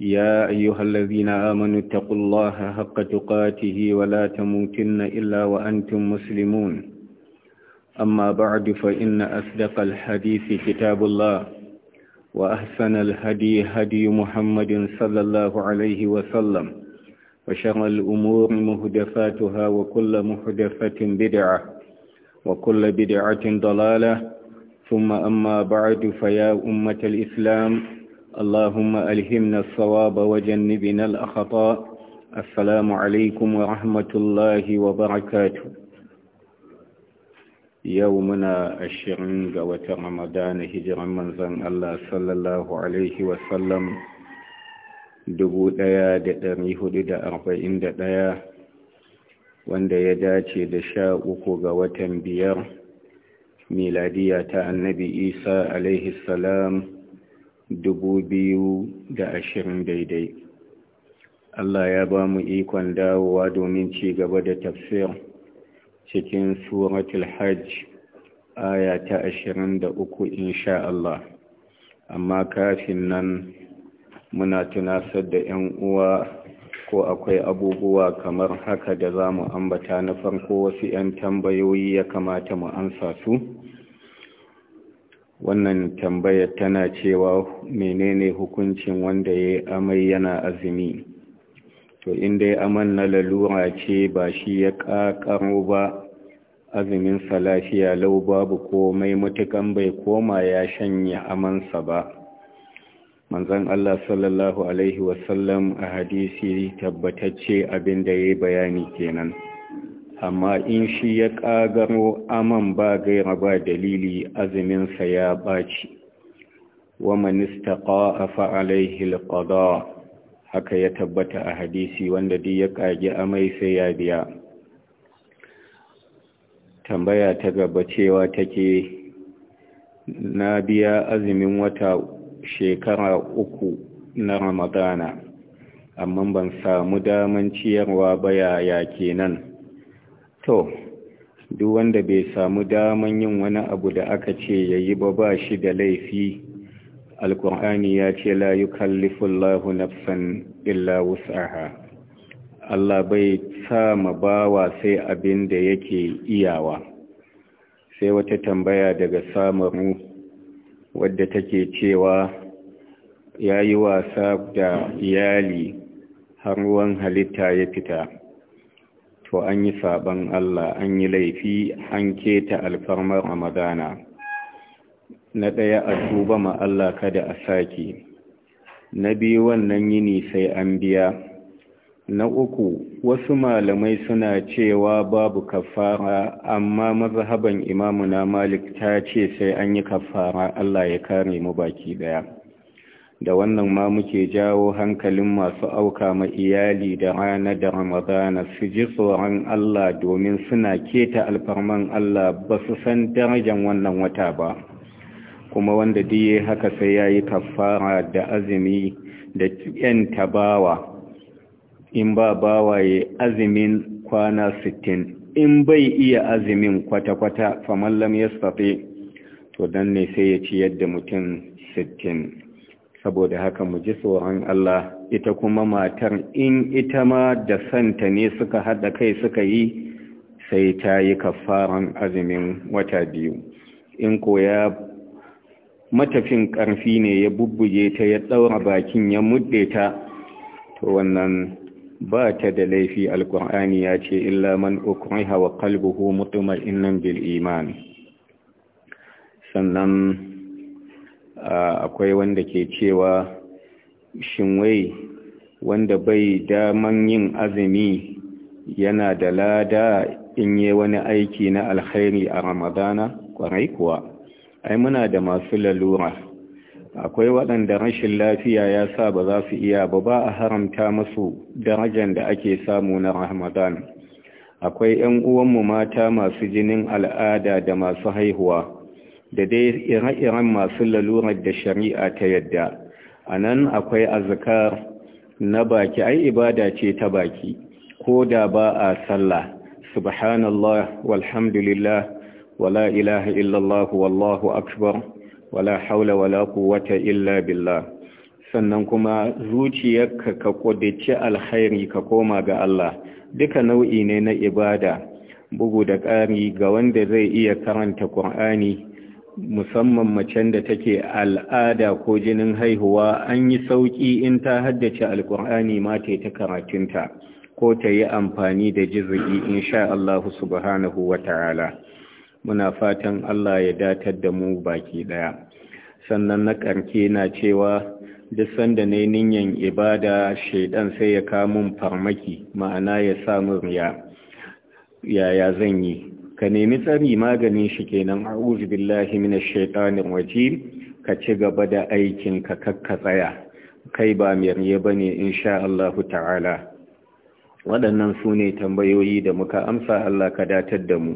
يا أيها الذين آمنوا اتقوا الله حق تقاته ولا تموتن إلا وأنتم مسلمون أما بعد فإن أصدق الحديث كتاب الله وأحسن الهدي هدي محمد صلى الله عليه وسلم وشر الأمور مهدفاتها وكل مهدفة بدعة وكل بدعة ضلالة ثم أما بعد فيا أمة الإسلام اللهم ألهمنا الصواب وجنبنا الأخطاء السلام عليكم ورحمة الله وبركاته يومنا الشرين قوة رمضان هجر من زن الله صلى الله عليه وسلم dubu ɗaya da ɗari hudu da arba'in da ɗaya wanda ya dace da sha uku ga watan biyar miladiya ta annabi isa alaihi salam dubu biyu da ashirin daidai Allah ya ba mu ikon dawowa domin ci gaba da tafsir cikin suratul hajj aya ta ashirin da uku insha Allah amma kafin nan muna tunasar da 'yan uwa ko akwai abubuwa kamar haka da za mu ambata na farko wasu 'yan tambayoyi ya kamata mu ansa su wannan tambaya tana cewa menene hukuncin wanda ya amai yana azumi to in ya aman na lalura ce ba shi ya ƙaƙaro ba azumin lafiya lau babu komai matukan bai koma ya shanye amansa ba manzan Allah sallallahu alaihi wasallam a hadisi tabbatacce abin da ya bayani kenan amma in shi ya ƙagaro aman ba gaira ba dalili sa ya ɓaci wa manista ƙa'a fa'alaihi alƙada haka ya tabbata a hadisi wanda duk ya ƙage amai sai ya biya tambaya ta gaba cewa take na biya azumin wata shekara uku na ramadana amma ban samu daman ciyarwa ba yaya kenan to duk wanda bai samu daman yin wani abu da aka ce yayi ba ba shi da laifi alkur'ani ya ce la Allahu nafsan illa wus'aha Allah bai sa ma bawa sai abin da yake iyawa sai wata tambaya daga samaru wadda take cewa ya yi wasa da iyali har ruwan halitta ya fita to an yi saban Allah an yi laifi an keta alfarmar ramadana na ɗaya a tuba ma Allah kada a sake na biyu wannan yini sai an biya na uku wasu malamai suna cewa babu kafara amma mazhaban imamuna malik ta ce sai an yi kafara Allah ya kare mu baki ɗaya. da wannan ma muke jawo hankalin masu auka ma iyali da rana da ramadana su ji tsoron Allah domin suna keta alfarman Allah ba su san darajan wannan wata ba kuma wanda diye haka sai ya yi kafara da azumi da yan tabawa in ba bawaye azumin kwana sittin. in bai iya azumin kwata-kwata famallam ya safe to dan ne sai ya ci yadda mutum sittin. saboda haka mu ji tsoron Allah ita kuma matar in ita ma da santa ne suka haɗa kai suka yi sai ta yi kafaran azumin wata biyu in ko ya matafin ƙarfi ne ya bubbuge ta ya ɗaura bakin ya mudde ta to wannan ba ta da laifi alkur'ani ya ce illa man ukriha wa mutumar innan bil iman sannan akwai wanda ke cewa shinwai wanda bai daman yin azumi yana da lada in yi wani aiki na alkhairi a ramadana kwarai kuwa ai muna da masu lalura akwai waɗanda rashin lafiya ya sa ba za su iya ba ba a haramta masu darajar da ake samu na Ramadana. akwai 'yan uwanmu mata masu jinin al'ada da masu haihuwa da dai ire-iren masu lalurar da shari'a ta yadda a nan akwai azkar na baki ai ibada ce ta baki ko da ba a sallah subhanallah walhamdulillah wala ilaha illallah wallahu akbar wala haula wala quwwata illa billah sannan kuma zuciyarka ka kudici alkhairi ka koma ga Allah duka nau'i ne na ibada bugu da ƙari ga wanda zai iya karanta Qur'ani musamman macen da take al'ada ko jinin haihuwa an yi sauƙi in ta haddace alƙur'ani ma ta ta karatunta ko ta yi amfani da in insha Allah subhanahu wa ta'ala muna fatan Allah ya datar da mu baki ɗaya. sannan na karke na cewa duk sanda ne niyan ibada shaidan sai ya kamun farmaki ma'ana ya samu riya yaya zan yi ka nemi tsari maganin shi kenan a'udhu billahi minash shaitanir rajim ka ci gaba da aikin ka kakka tsaya kai ba mirye bane insha Allah ta'ala waɗannan su ne tambayoyi da muka amsa Allah ka datar da mu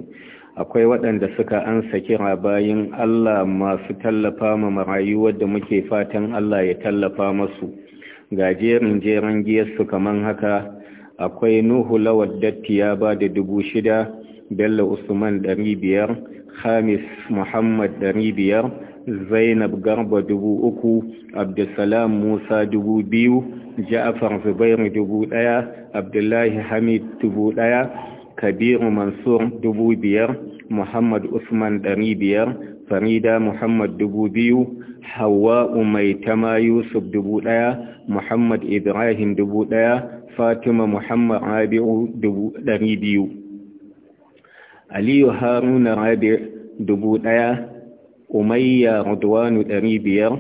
akwai waɗanda suka ansa kira bayan Allah masu tallafa ma rayuwar da muke fatan Allah ya tallafa masu gajerin jeran giyarsu kaman haka akwai nuhu lawar datti ya ba da dubu shida bello usman 500, Khamis hamis muhammad 500, zainab garba 3,000, abdulsalam musa 2,000, Jafar zubairu dubu abdullahi hamid 1,000, kabiru mansur dubu muhammad usman 500, farida muhammad dubu biyu hawa'u tama yusuf dubu ɗaya muhammad ibrahim dubu ɗaya fatima muhammad rabi'u dubu ɗari biyu aliyu haruna rabi dubu ɗaya umayya rudwanu ɗari biyar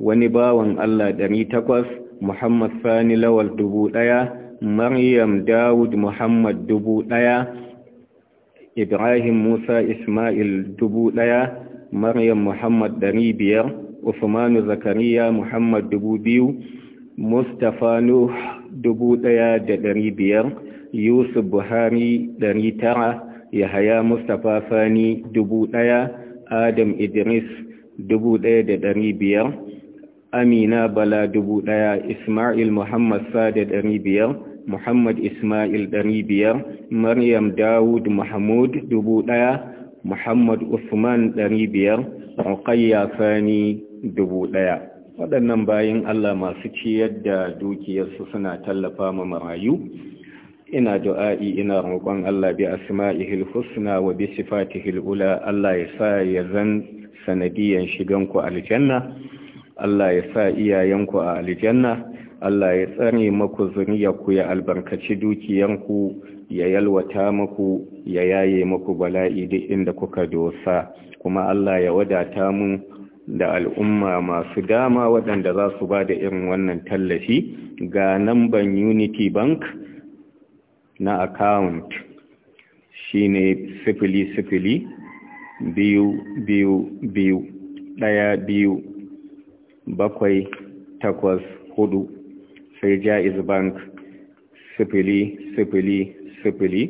wani bawan allah ɗari takwas muhammad sani lawal dubu ɗaya maryam dawud muhammad dubu ɗaya ibrahim musa ismail dubu ɗaya maryam muhammad ɗari biyar usmanu zakariya muhammad dubu biyu mustapha nuh dubu ɗaya da ɗari biyar yusuf buhari ɗari tara yahaya mustapha sani dubu ɗaya adam idris dubu ɗaya da ɗari biyar amina bala dubu ɗaya ismail muhammad sada ɗari biyar muhammad ismail ɗari biyar maryam dawud mahmud dubu ɗaya muhammad usman ɗari biyar sani dubu ɗaya waɗannan bayan allah masu ciyar da dukiyarsu suna tallafa ma marayu ina du'a'i ina roƙon Allah bi asma'ihil husna wa bi sifatihil ula Allah ya sa ya zan sanadiyan shiganku aljanna Allah ya sa iyayenku a aljanna Allah ya tsare maku ku ya albarkaci ku ya yalwata maku ya yaye maku bala'i duk inda kuka dosa kuma Allah ya wadata mu da al'umma masu dama waɗanda za su ba da irin wannan tallafi ga namban unity bank na account shine sifili sifili biyu biyu biyu ɗaya biyu bakwai takwas hudu sai jaiz bank sifili sifili sifili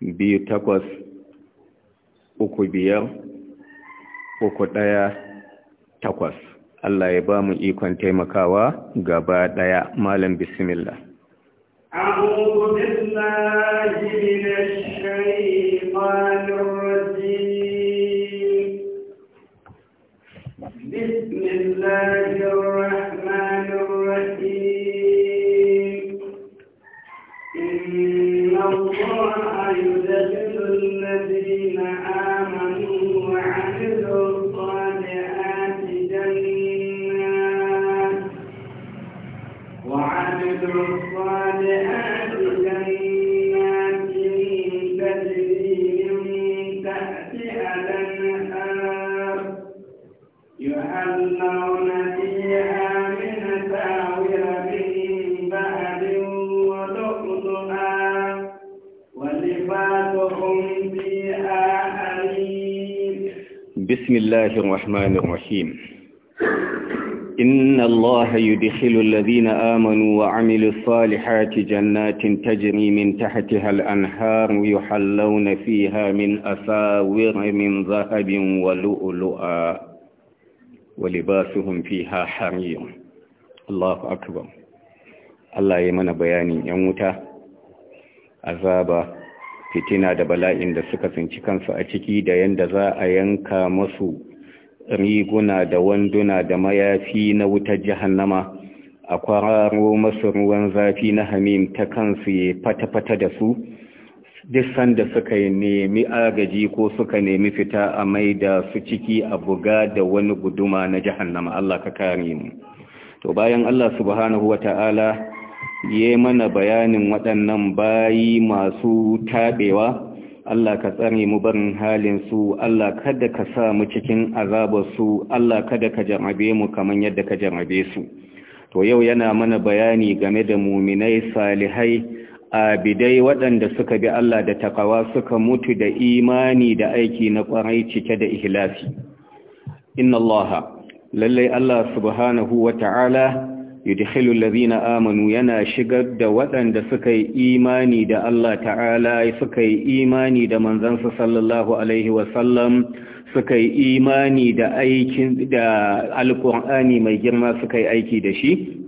biyu takwas uku biyar uku ɗaya takwas Allah ya ba mu ikon taimakawa gaba ɗaya malam bismillah أعوذ بالله من الشيطان الرجيم بسم الله الرحمن الرحيم إن الله يدخل الذين آمنوا ويدخل الذين آمنوا وعملوا الصالحات جنات تجري من تحتها الأنهار يحلون فيها من أساور من ذهب ولؤلؤا ولباسهم فيها حرير الله أكبر الله يمنى بياني يموت عذاب فتنة بلاء da suka tsinci kansu a ciki da yanda za a yanka masu riguna da wanduna da mayafi na wutar jahannama a kwararo masu ruwan zafi na hamim ta kansu ya fata-fata da su duk sanda suka nemi agaji ko suka nemi fita a mai da su ciki a buga da wani guduma na jahannama Allah ka kare mu to bayan Allah subhanahu wa ta'ala ya mana bayanin waɗannan bayi masu taɓewa Allah ka tsare mu barin halin su Allah kada ka sa mu cikin azabar su Allah kada ka jarabe mu kaman yadda ka jarabe su to yau yana mana bayani game da muminai salihai abidai waɗanda suka bi Allah da takawa suka mutu da imani da aiki na ƙwarai cike da ihlasi inna allaha lallai Allah subhanahu wa ta'ala yudkhilu allazina amanu yana shigar da waɗanda suka yi imani da Allah ta'ala suka yi imani da manzansa sallallahu alaihi sallam suka yi imani da aikin da alqur'ani mai girma suka yi aiki da shi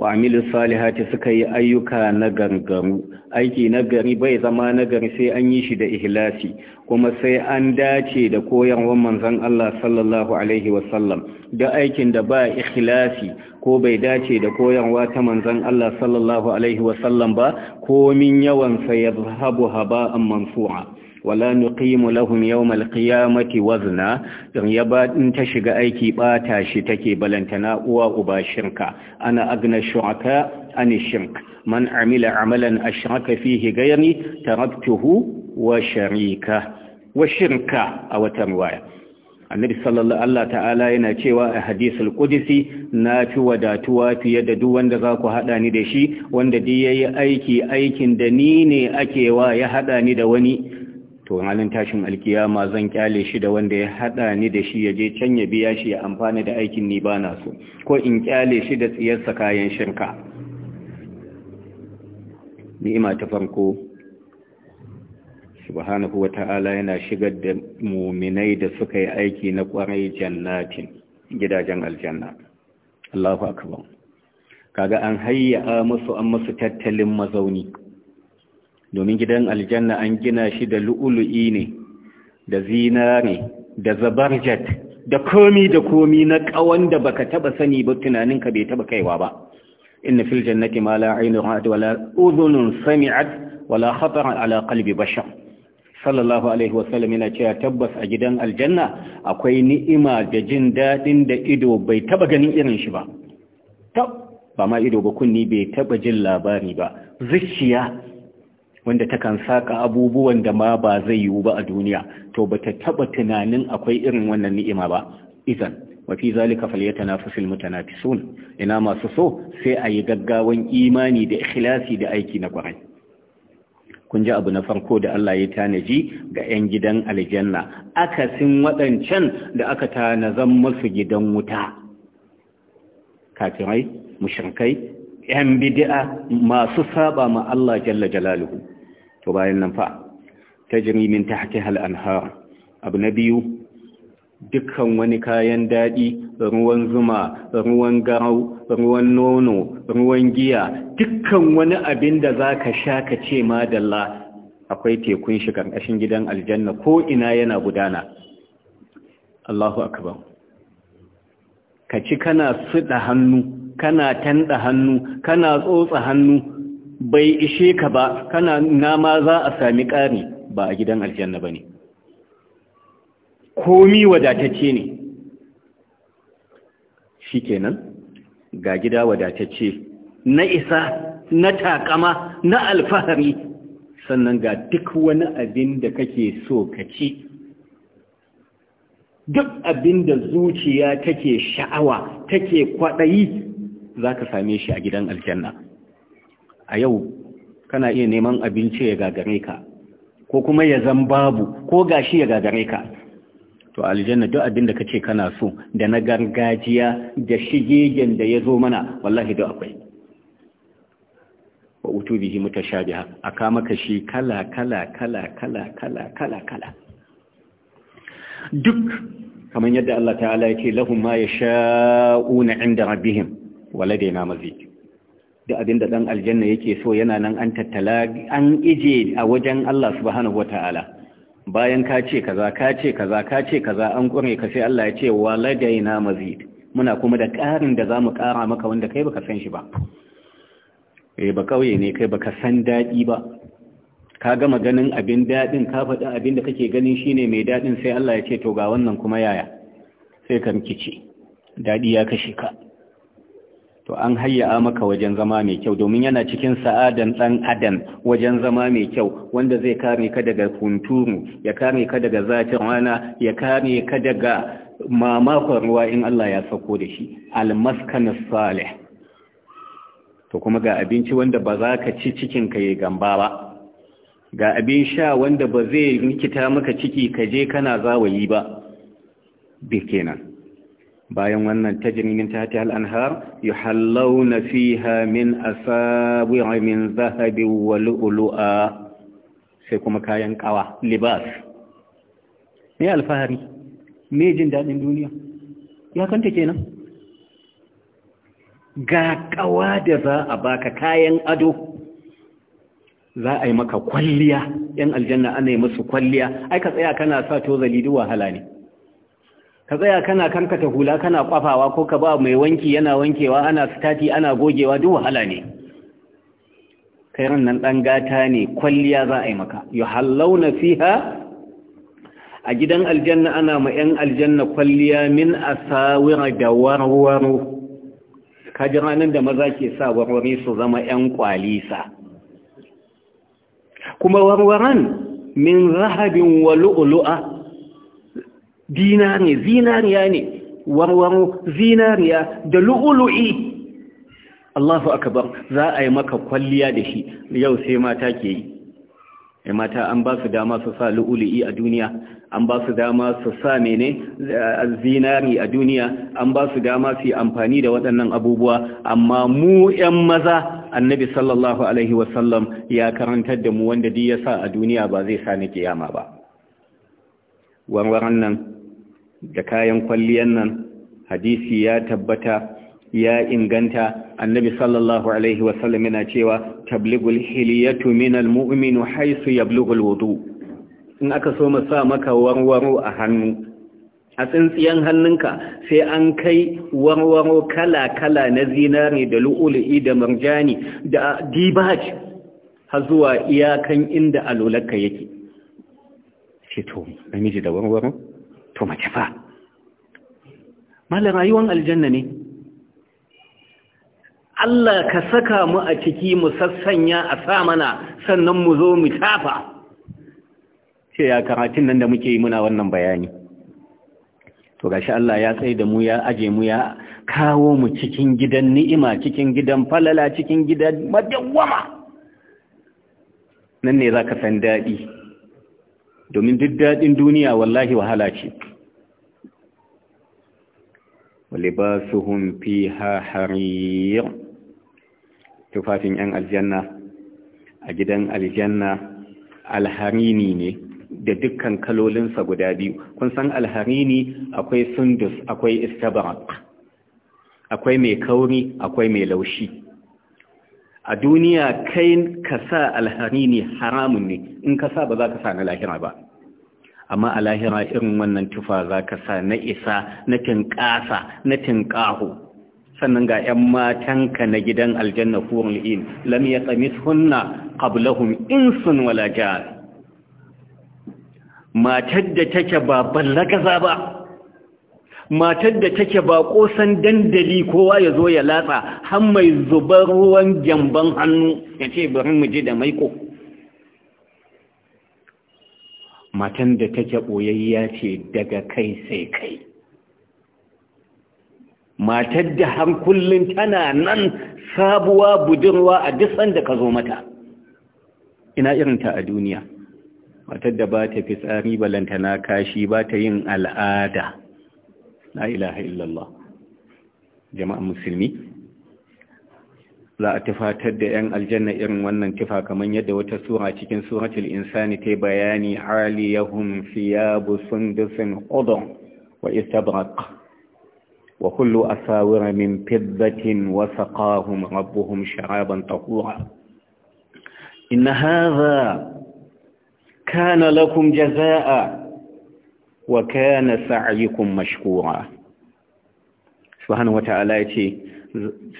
wa amilu salihati suka yi ayyuka na gargaru aiki na gari bai zama na gari sai an yi shi da ihlasi kuma sai an dace da koyarwar manzon Allah sallallahu alaihi wasallam da aikin da ba ihlasi ko bai dace da koyarwa ta manzon Allah sallallahu alaihi wasallam ba komin yawan sa haba haba'an mansu'a wala nuqimu lahum yawmal qiyamati wazna dan ya ba in ta shiga aiki bata shi take balantana uwa uba shirka ana agna shu'aka ani shirk man amila amalan ashraka fihi ghayri taraktuhu wa sharika wa shirka a watan waya annabi sallallahu Allah ta'ala yana cewa a hadisul qudsi na fi wadatuwa fiye da duk wanda za ku hada ni da shi wanda dai yayi aiki aikin da ni ne ake wa ya hada ni da wani to halin tashin alkiyama zan kyale shi da wanda ya hada ni da shi ya je can ya biya shi ya amfana da aikin ni ba na so ko in kyale shi da tsiyarsa kayan shirka ni'ima ta farko subhanahu wata'ala yana shigar da muminai da suka yi aiki na kwarai jannatin gidajen aljanna Allahu akbar kaga an hayya musu an musu tattalin mazauni domin gidan aljanna an gina shi da lu'ulu'i ne da zinare da zabarjat da komi da komi na kawan da baka taba sani ba tunaninka bai taba kaiwa ba inna fil jannati ma la aynu ra'at wala udhunun sami'at wala khatara ala qalbi bashar sallallahu alaihi wasallam yana cewa tabbas a gidan aljanna akwai ni'ima da jin dadin da ido bai taba ganin irin shi ba Ta ba ma ido ba kunni bai taba jin labari ba zuciya wanda takan saka abubuwan da ma ba zai yiwu ba a duniya to ba ta taɓa tunanin akwai irin wannan ni'ima ba izan wa fi zalika falyatanafasul mutanafisun ina masu so sai a yi gaggawan imani da ikhlasi da aiki na kwarai kun ji abu na farko da Allah ya tanaji ga 'yan gidan aljanna akasin waɗancan da aka tanazan musu gidan wuta kafirai mushrikai 'yan bidi'a, masu saba ma Allah jalla jalaluhu to bayan nan fa tajri min tahtiha al-anhar abu na biyu dukkan wani kayan daɗi ruwan zuma ruwan garau ruwan nono ruwan giya dukkan wani abin da za ka sha ka ce ma madalla akwai tekun shi ƙarƙashin gidan aljanna ko ina yana gudana Allahu akbar ka ci kana suɗa hannu kana tanɗa hannu kana tsotsa hannu bai ishe ka ba kana nama za a sami ƙari ba a gidan aljanna ba ne komi wadatacce ne shi kenan ga gida wadatacce na isa na takama na alfahari sannan ga duk wani abin da kake so ka ci duk abin da zuciya take sha'awa take kwaɗayi za ka same shi a gidan aljanna a yau kana iya neman abinci ya gagare ka ko kuma ya zan babu ko gashi ya gagare ka to aljanna duk abin da kace kana so da na gargajiya da shigegen da yazo mana wallahi duk akwai wa utubihi mutashabiha aka maka shi kala kala kala kala kala kala kala duk kamar yadda Allah ta'ala yake lahum ma yasha'una 'inda rabbihim waladaina mazid duk da ɗan aljanna yake so yana nan an tattala an ije a wajen Allah subhanahu ta'ala bayan ka ce kaza ka ce kaza ka ce kaza an ƙure ka sai Allah ya ce wa waladaina mazid muna kuma da ƙarin da zamu ƙara maka wanda kai baka san shi ba eh ba kauye ne kai baka san daɗi ba ka gama ganin abin dadin ka faɗi abin da kake ganin ne mai daɗin? sai Allah ya ce to ga wannan kuma yaya sai ka rikice, daɗi ya kashe ka to an hayya maka wajen zama mai kyau domin yana cikin sa'adan dan adam wajen zama mai kyau wanda zai kare ka daga kunturu ya kare ka daga zatin wana ya kare ka daga mamakon ruwa in Allah ya sako da shi almaskanus salih to kuma ga abinci wanda ba za ka ci cikin ka yi gamba ba ga abin sha wanda ba zai rikita maka ciki ka je kana zawayi ba bi kenan bayan wannan ta tajri min yi hallau anhar fi fiha min sabuwa min zahabin wa lu'lu'a sai kuma kayan kawa libas me alfahari me jin daɗin duniya ya kanta kenan ga kawa da za a baka kayan ado za a yi maka kwalliya ‘yan aljanna ana yi musu kwalliya ai tsaya kana sa to zalidu wahala ne ka tsaya kana kankata hula kana kwafawa ko ka ba mai wanki yana wankewa ana sitati ana gogewa duk wahala ne kai ran nan dan gata ne kwalliya za a yi maka yuhallawna fiha a gidan aljanna ana ma yan aljanna kwalliya min asawira da warwaro ka ji ranar da maza ke sa warware su zama yan kwalisa kuma warwaran min zahabin wa lu'lu'a Zinari. zinariya ne warwaro zinariya da lu'ulu'i Allahu akbar za a yi maka kwalliya da shi yau sai mata ke yi ai mata an ba su dama su sa lu'ulu'i a duniya an ba su dama su sa mene zinari a duniya an ba su dama su amfani da waɗannan abubuwa amma mu 'yan maza annabi sallallahu alaihi wasallam ya karantar da mu wanda duk ya sa a duniya ba zai sa ni kiyama ba warwaran nan da kayan kwalliyan nan hadisi ya tabbata ya inganta annabi sallallahu alaihi wasallam yana cewa tablighul hiliyatu minal mu'minu haythu yablughul wudu in aka so mu sa maka warwaro a hannu a tsintsiyan hannunka sai an kai warwaro kala-kala na zinari da lu'ulu'i da marjani da dibaj har zuwa iyakan inda alolaka yake Fito namiji da warwaro to mace fa malar rayuwan aljanna ne Allah ka saka mu a ciki mu sassanya a sa mana sannan mu zo mu tafa ce ya karatun nan da muke yi muna wannan bayani to gashi Allah ya tsaye da mu ya aje mu ya kawo mu cikin gidan ni'ima cikin gidan falala cikin gidan madawama. nan ne zaka san daɗi? domin duk daɗin duniya wallahi wahala ce ولباسهم فيها حرير تفاتين أن الجنة أجدن الجنة الحريني ne da dukkan kalolinsa guda biyu kun san alharini akwai sundus akwai istabarak akwai mai kauri akwai mai laushi a duniya kai ka sa alharini haramun ne in ka sa ba za ka sa na lahira ba amma a lahira irin wannan tufa za ka sa na isa na tinƙasa na tinƙaho sannan ga 'yan matanka na gidan aljanna fuhun in lam ya tsamis hunna ƙablahun insun wala jihar matar da take ba ballagaza ba matar da take ba ƙosan dandali kowa ya zo ya latsa har mai zubar ruwan gyamban hannu ya ce bari mu je da maiko matan da take ɓoyayya ce daga kai sai kai matar da har kullum tana nan sabuwa budurwa a duk sanda ka zo mata ina irinta a duniya matar da ba ta fitsari na kashi ba ta yin al'ada la ilaha illallah jama'an musulmi za a tafatar da 'yan aljanna irin wannan tifa kaman yadda wata sura cikin suratul insani ta bayani aliyahum siyabu sundusin udon wa istabraq wa kullu asawira min fiddatin wa saqahum rabbuhum sharaban tahura in hadha kana lakum jazaa'a wa kana sa'yukum mashkura subhanahu wa ta'ala yace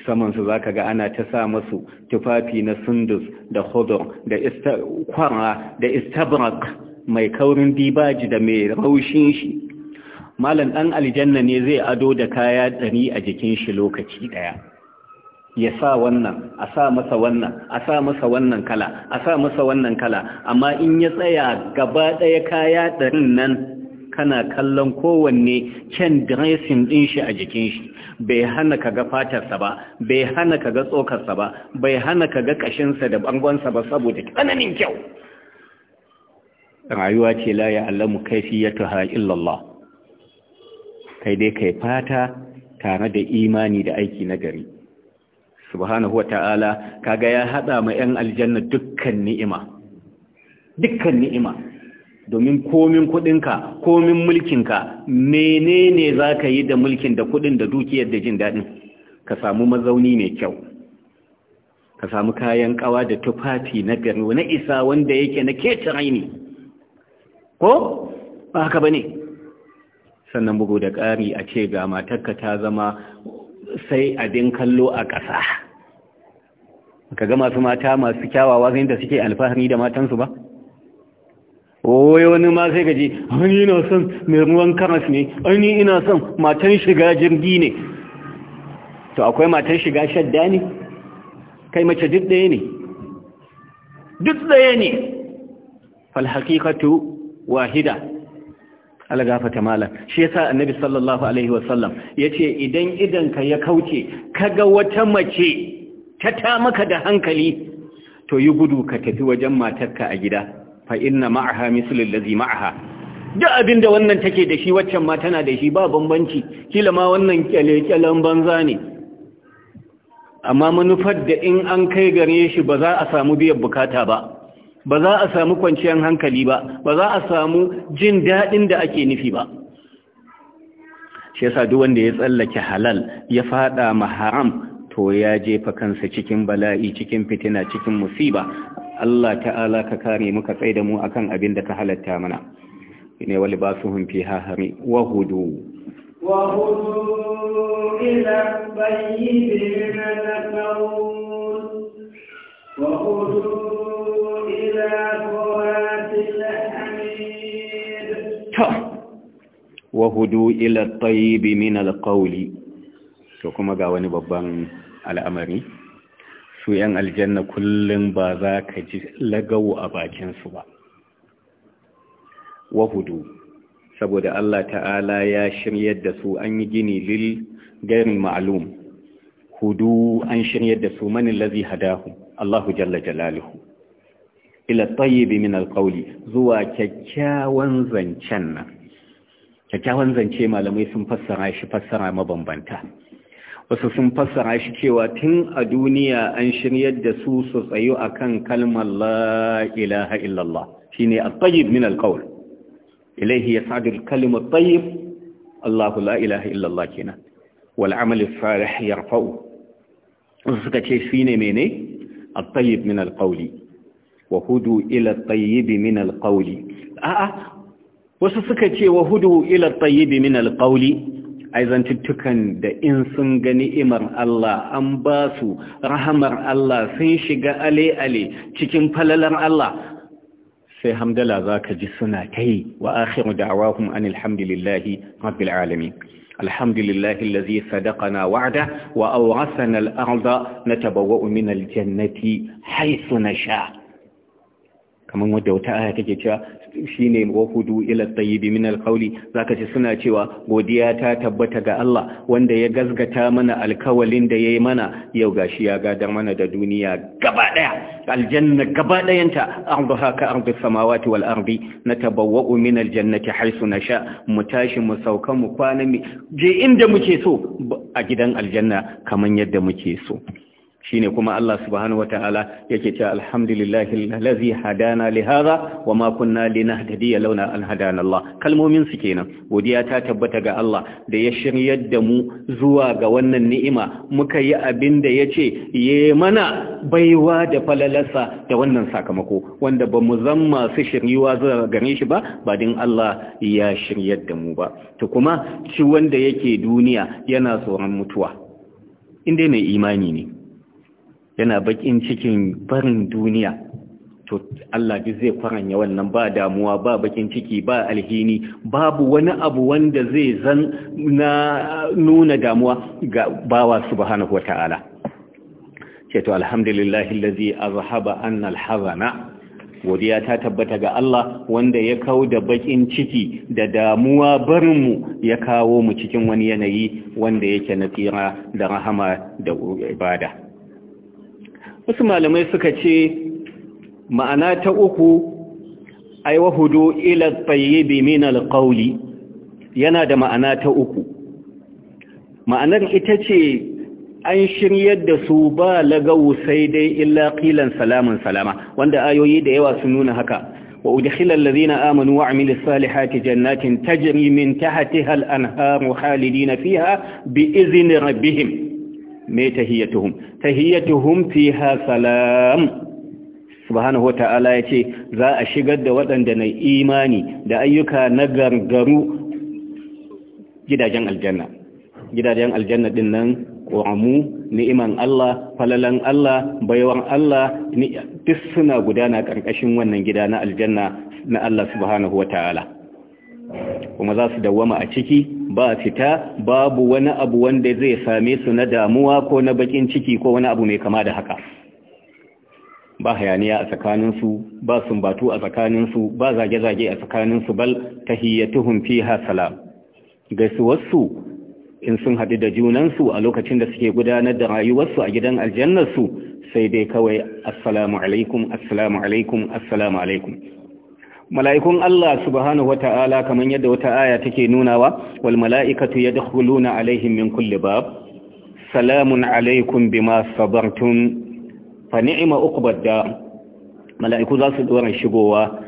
samansu za ka ga ana ta sa masu tufafi na sundus da hudur da kwara da istabrak mai kaurin dibaji da mai raushin shi malam ɗan aljanna ne zai ado da kaya ɗari a jikin shi lokaci ɗaya ya sa wannan a sa masa wannan a sa masa wannan kala a sa masa wannan kala amma in ya tsaya gaba ɗaya kaya ɗarin nan kana kallon kowanne can dressing din shi a jikin shi bai hana ka ga fatarsa ba bai hana ka ga tsokarsa ba bai hana ka ga kashinsa da bangonsa ba saboda tsananin kyau rayuwa ce la ya ya kaifiyatuha illallah kai dai kai fata tare da imani da aiki na gari subhanahu wa ta'ala kaga ya hada ma yan aljanna dukkan ni'ima dukkan ni'ima domin komin kudinka komin mulkinka menene za ka yi da mulkin da kuɗin da dukiyar da jin daɗin ka samu mazauni mai kyau ka samu kayan kawa da tufafi na gari na isa wanda yake na kece raini ko ba haka ba ne sannan bugu da ƙari a ce ga matarka ta zama sai abin kallo a ƙasa ka ga masu mata masu kyawawa zai da suke alfahari da matansu ba? wai wani ma sai gaji yi ina son mai karas ne yi ina son matan shiga jirgi ne to akwai matan shiga shadda ne kai mace duk ɗaya ne duk ɗaya ne falhaƙiƙatu wahida algafata malam shi yasa annabi sallallahu alaihi wasallam yace idan idanka ya kauce kaga wata mace ta ta maka da hankali to yi gudu ka tafi wajen matarka a gida fa inna ma'aha mislu allazi ma'aha duk abinda wannan take da shi waccan ma tana da shi ba bambanci kila ma wannan kyale-kyalen banza ne amma manufar da in an kai gare shi ba za a samu biyan bukata ba ba za a samu kwanciyar hankali ba ba za a samu jin daɗin da ake nufi ba shi yasa duk wanda ya tsallake halal ya fada ma haram to ya jefa kansa cikin bala'i cikin fitina cikin musiba Allah ta'ala ka kare muka tsaye da mu akan abin da ka halatta mana ne wali ba su hun fi hahari wa hudu wa hudu ila bayyibi na nakarun wa hudu ila kowatin hamid ta wa hudu ila tsayibi min alƙauli to kuma ga wani babban al'amari su yan aljanna kullum ba za ka ji lagawo a bakinsu ba wahudu saboda Allah ta'ala ya shiryar da su an yi gini lil garin ma'alum hudu an shiryar da su manin lazi hadahu Allahu jalla jalaluhu ila tayyibi min alqawli zuwa kyakkyawan zancen nan kyakkyawan zance malamai sun fassara shi fassara mabambanta wasu sun fassara shi cewa tun a duniya an shiryar da su su tsayu kan kalmar la ilaha illallah shine at-tayyib min al-qawl ilayhi yas'adu al-kalimu Allahu la ilaha illallah kenan wal 'amalu ya salih wasu suka ce shine mene at-tayyib min al-qawli wa hudu ila at min al a'a wasu suka ce wa hudu ila at min al Aizantuttukan da in sun gani imar Allah an ba su rahamar Allah sun shiga ale-ale cikin falalar Allah sai hamdala za ka ji suna ta wa akhiru da'awahum an alhamdulillahi rabbil alamin alhamdulillahi allazi sadaqana wa'da wa awrasana al-arda natabawwa'u min al-jannati haythu nasha' kamar wadda wata aya take cewa shine wahudu ila tayyibi min alqawli zaka ce suna cewa godiya ta tabbata ga Allah wanda ya gazgata mana alkawalin da yayi mana yau gashi ya gadar mana da duniya gaba daya aljanna gaba dayanta arduha ka ardu samawati wal ardi natabawwa'u min aljannati haythu nasha mu tashi mu sauka mu kwana je inda muke so a gidan aljanna kamar yadda muke so shine kuma Allah subhanahu wataala yake cewa alhamdulillahi allazi hadana li hadha wama kunna linahtadiya launa an hadana Allah kalmomin su kenan godiya ta tabbata ga Allah da ya shiryar da mu zuwa ga wannan ni'ima muka yi abin da yace ye mana baiwa da falalasa da wannan sakamako wanda ba mu zan masu shiryuwa zuwa gare shi ba ba din Allah ya shiryar da mu ba to kuma shi wanda yake duniya yana tsoron mutuwa inda ne imani ne yana bakin cikin barin duniya to Allah duk zai kwaranya wannan ba damuwa ba bakin ciki ba alhini babu wani abu wanda zai zan na nuna damuwa ga bawa subhanahu wata'ala ce to alhamdulillahi allazi azhaba anna alhazana godiya ta tabbata ga Allah wanda ya kawo da bakin ciki da damuwa barinmu ya kawo mu cikin wani yanayi wanda yake na tsira da rahama da ibada wasu malamai suka ce ma'ana ta uku ai wahudu ila tayyibi min alqawli yana da ma'ana ta uku ma'anar ita ce an shiryar da su ba lagawu sai dai illa ƙilan salamun salama wanda ayoyi da yawa sun nuna haka wa udkhila allazina amanu wa amilus salihati jannatin tajri min tahtiha al-anharu khalidina fiha bi izni rabbihim me tahiyyatuhum tahiyyatuhum fiha salam subhanahu wata'ala ta'ala za a shigar da waɗanda na imani da ayyuka na gargaru gidajen aljanna gidajen aljanna din nan ƙo'amu ni'iman Allah falalan Allah baiwan Allah duk suna gudana ƙarƙashin wannan gida na aljanna na Allah subhanahu wata'ala kuma za su dawwama a ciki ba fita babu wani abu wanda zai same su na damuwa ko na bakin ciki ko wani abu mai kama da haka ba hayaniya a tsakaninsu ba sumbatu a tsakaninsu ba zage-zage a tsakaninsu bal ta tahiyyatuhum fiha salam gaisuwarsu in sun haɗu da junansu a lokacin da suke gudanar da rayuwarsu a gidan aljannarsu sai dai kawai assalamu alaikum assalamu alaikum assalamu alaikum mala'ikun Allah subhanahu wata'ala kamar yadda wata aya take nunawa wal mala'ikatu ya yadkhuluna alaihim min kulli bab salamun alaikum bima sabartum fa ni'ima uqbad da mala'iku za su dora shigowa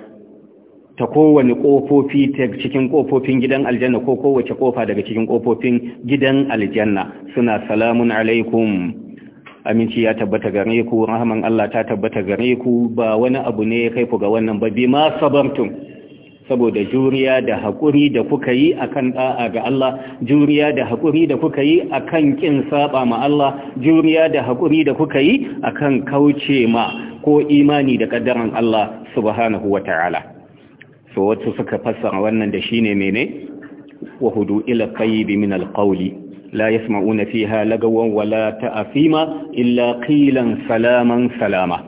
ta kowane kofofi ta cikin ƙofofin gidan aljanna ko kowace kofa daga cikin kofofin gidan aljanna suna salamun alaikum aminci ya tabbata gare ku rahaman Allah ta tabbata gare ku ba wani abu ne ya kai ku ga wannan ba bi ma sabartum saboda juriya da hakuri da kuka yi akan da'a ga Allah juriya da hakuri da kuka yi akan kin saba ma Allah juriya da hakuri da kuka yi akan kauce ma ko imani da kaddaran Allah subhanahu wataala so wato suka fassara wannan da shine mene wa hudu ila qayyibi min alqawli la yasma'una fiha lagawan wala ta'afima illa ƙilan salaman salama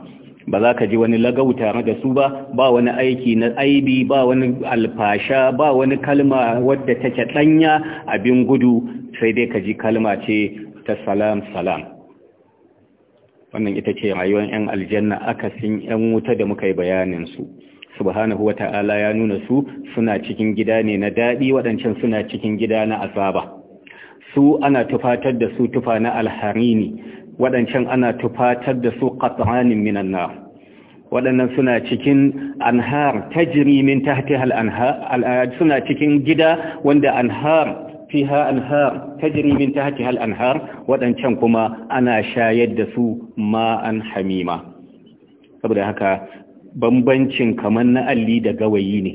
ba za ka ji wani lagau tare da su ba ba wani aiki na aibi ba wani alfasha ba wani kalma wadda take danya abin gudu sai dai ka ji kalma ce ta salam salam wannan ita ce rayuwar 'yan aljanna akasin 'yan wuta da muka yi bayanin su subhanahu ta'ala ya nuna su suna cikin gida ne na daɗi waɗancan suna cikin gida na azaba su ana tufatar da su tufa na alharini waɗancan ana tufatar da su qat'anin minan nar waɗannan suna cikin anhar tajri min tahtiha al-anhar suna cikin gida wanda anhar fiha anhar ta min tahtiha al-anhar waɗancan kuma ana shayar da su ma'an hamima saboda haka bambancin kamar na alli da gawayi ne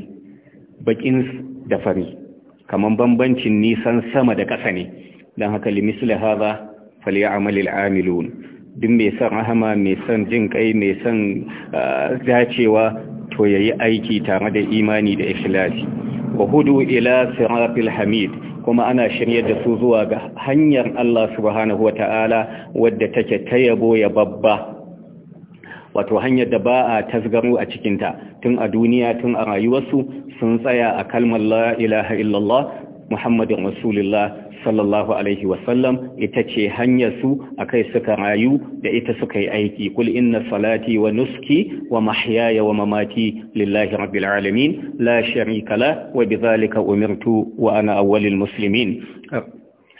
bakin da fari kaman bambancin nisan sama da ƙasa ne don haka limisla haza faliya amalil amilun duk mai son rahama mai son jin kai mai son ah, dacewa to ya yi aiki tare da imani da ikhlasi wa hudu ila sirafil hamid kuma ana shirya da su zuwa ga hanyar Allah subhanahu wa ta'ala wadda take ta yabo ya babba wato hanyar da ba a tasgaru a cikinta tun a duniya tun a rayuwarsu sun tsaya a kalmar la ilaha illallah muhammadin rasulullah sallallahu alaihi wasallam ita ce hanyarsu a kai suka rayu da ita suka yi aiki kul inna salati wa nuski wa mahyaya wa mamati lillahi rabbil alamin la sharika la wa bidhalika umirtu wa ana awwalil muslimin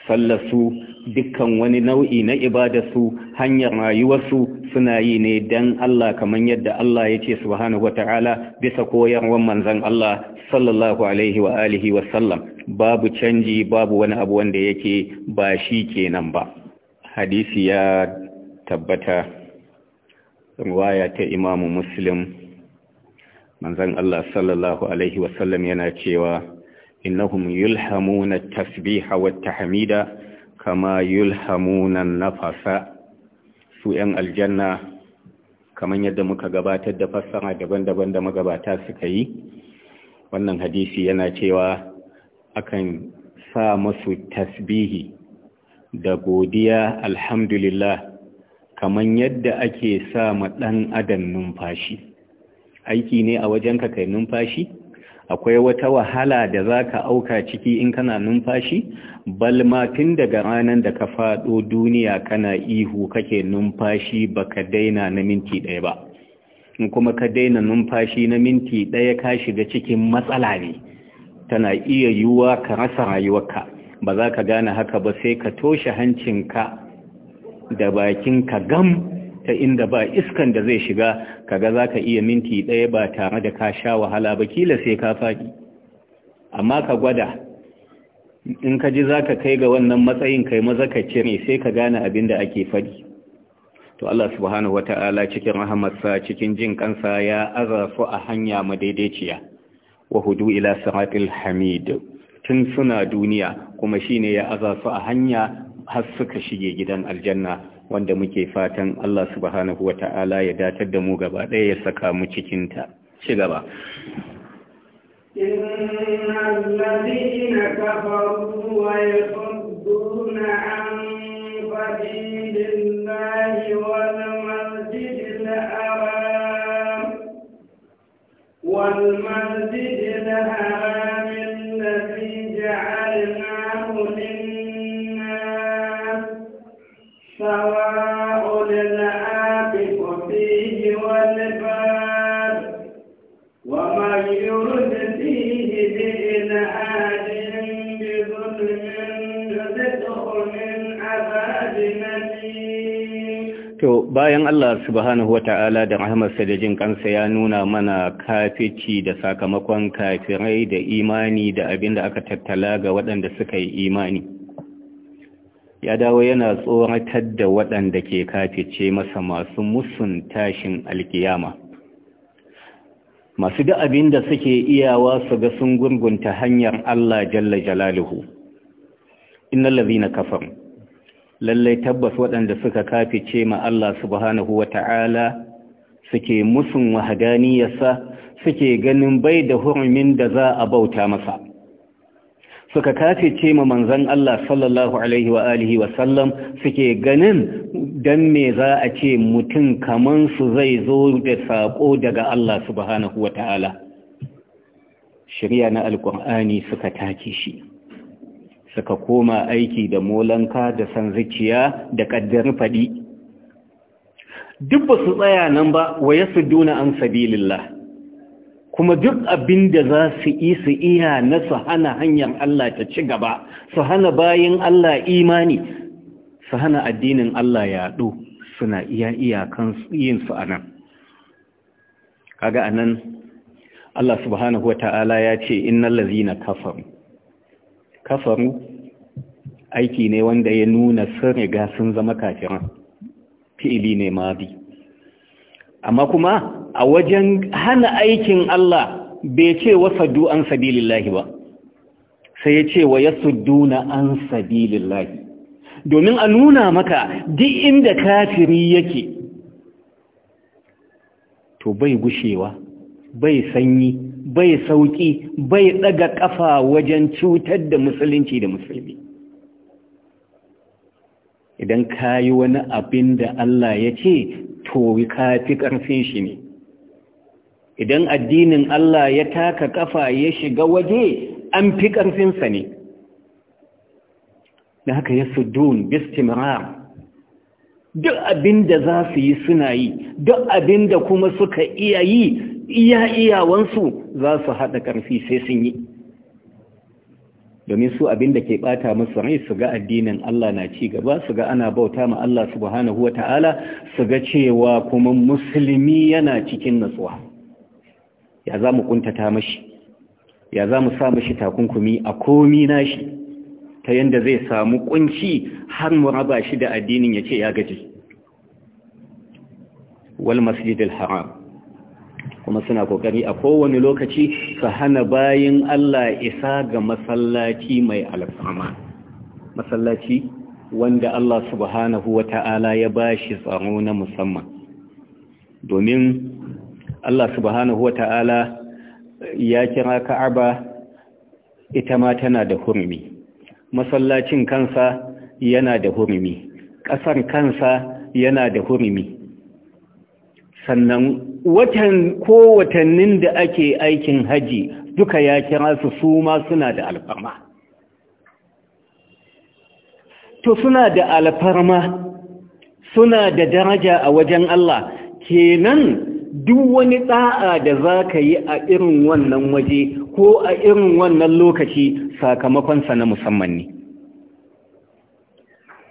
sallasu dukkan wani nau'i na ibadarsu hanyar rayuwarsu suna yi ne dan Allah kamar yadda Allah ya ce subhanahu wa ta'ala bisa koyarwar manzon Allah sallallahu alaihi wa alihi wa sallam babu canji babu wani abu wanda yake ba shi kenan ba hadisi ya tabbata riwaya ta imamu muslim manzan Allah sallallahu alaihi wasallam yana cewa innahum yulhamuna tasbiha wa tahmida kama yulhamuna nafasa su yan aljanna kaman yadda muka gabatar da fassara daban-daban da magabata suka yi wannan hadisi yana cewa akan sa masu tasbihi da godiya alhamdulillah kaman yadda ake sa ma ɗan adam numfashi aiki ne a wajenka kai numfashi akwai wata wahala da za ka auka ciki in kana numfashi balma tun daga ranar da ka faɗo duniya kana ihu kake numfashi ba ka daina na minti ɗaya ba in kuma ka daina numfashi na minti ɗaya ka shiga cikin matsala ne tana iya yiwuwa ka rasa rayuwarka ba za ka gane haka ba sai ka toshe hancinka da bakin ka gam ta inda ba iskan da zai shiga kaga za ka iya minti ɗaya ba tare da ka sha wahala ba kila sai ka faɗi amma ka gwada in ka ji za ka kai ga wannan matsayin kai maza ka cire sai ka gane abin da ake faɗi to Allah subhanahu ta'ala cikin rahamarsa cikin jin kansa ya azafu a hanya madaidaiciya wahudu ila siratil hamid tun suna duniya kuma shine ya aza su a hanya har suka shige gidan aljanna wanda muke fatan Allah subhanahu wata'ala ya datar da mu gaba ɗaya ya saka mu cikin ta ci gaba إن الذين كفروا ويصدون bayan Allah subhanahu wata'ala da rahamarsa da jin kansa ya nuna mana kafici da sakamakon kafirai da imani da abin da aka tattala ga waɗanda suka yi imani ya dawo yana tsoratar da waɗanda ke kafice masa masu musun tashin alkiyama masu da abin da suke iyawa su ga sun gungunta hanyar Allah jalla jalaluhu innal na kafaru lallai tabbas waɗanda suka kafice ma Allah subhanahu wa ta'ala suke musun wahaganiyarsa suke ganin bai da hurumin da za a bauta masa suka kafice ma manzan Allah sallallahu alaihi wa alihi wa suke ganin dan me za a ce mutum kamar su zai zo da saƙo daga Allah subhanahu wa ta'ala shari'a na alkur'ani suka take shi suka koma aiki da molanka da san zuciya da ƙaddar faɗi duk ba su tsaya nan ba wa ya su duna an sabilillah kuma duk abin da za su yi su iya na su hana hanyar Allah ta ci gaba su hana bayan Allah imani su hana addinin Allah yaɗo suna iya iyakan yin su a nan kaga a Allah subhanahu wa ta'ala ya ce innal lazina kafaru kafaru aiki ne wanda ya nuna sun riga sun zama kafiran Fili ne bi amma kuma a wajen hana aikin Allah bai ce wasaddu an sabilillahi ba sai ya ce wa an sabilillahi domin a nuna maka duk inda kafiri yake to bai gushewa bai sanyi bai sauƙi, bai daga ƙafa wajen cutar da musulunci da musulmi idan ka yi wani abin da Allah ya ce to ka fi ƙarfin shi ne idan addinin Allah ya taka ƙafa ya shiga waje an fi ƙarfinsa ne da haka ya sudun bistimrar duk abin da za su yi suna yi duk abin da kuma suka iya yi iya iyawansu za su haɗa ƙarfi sai sun yi domin su abin da ke ɓata musu rai su ga addinin Allah na ci gaba su ga ana bauta ma Allah subhanahu wa ta'ala su ga cewa kuma musulmi yana cikin natsuwa ya za mu kuntata mashi ya za mu sa mashi takunkumi a komi nashi ta yanda zai samu kunci har mu raba shi da addinin ya ce ya gaji wal masjidil haram kuma suna kokari a kowane lokaci su hana bayin Allah isa ga masallaci mai alfama masallaci wanda Allah subhanahu ta'ala ya bashi tsaro na musamman domin Allah subhanahu ta'ala ya kira Ka'aba ita ma tana da hurmi masallacin kansa yana da hurmi ƙasar kansa yana da hurmi sannan watan ko watannin da ake aikin haji duka ya kira su su ma suna da alfarma to suna da alfarma suna da daraja a wajen Allah kenan duk wani tsa'a da za ka yi a irin wannan waje ko a irin wannan lokaci sakamakonsa na musamman ne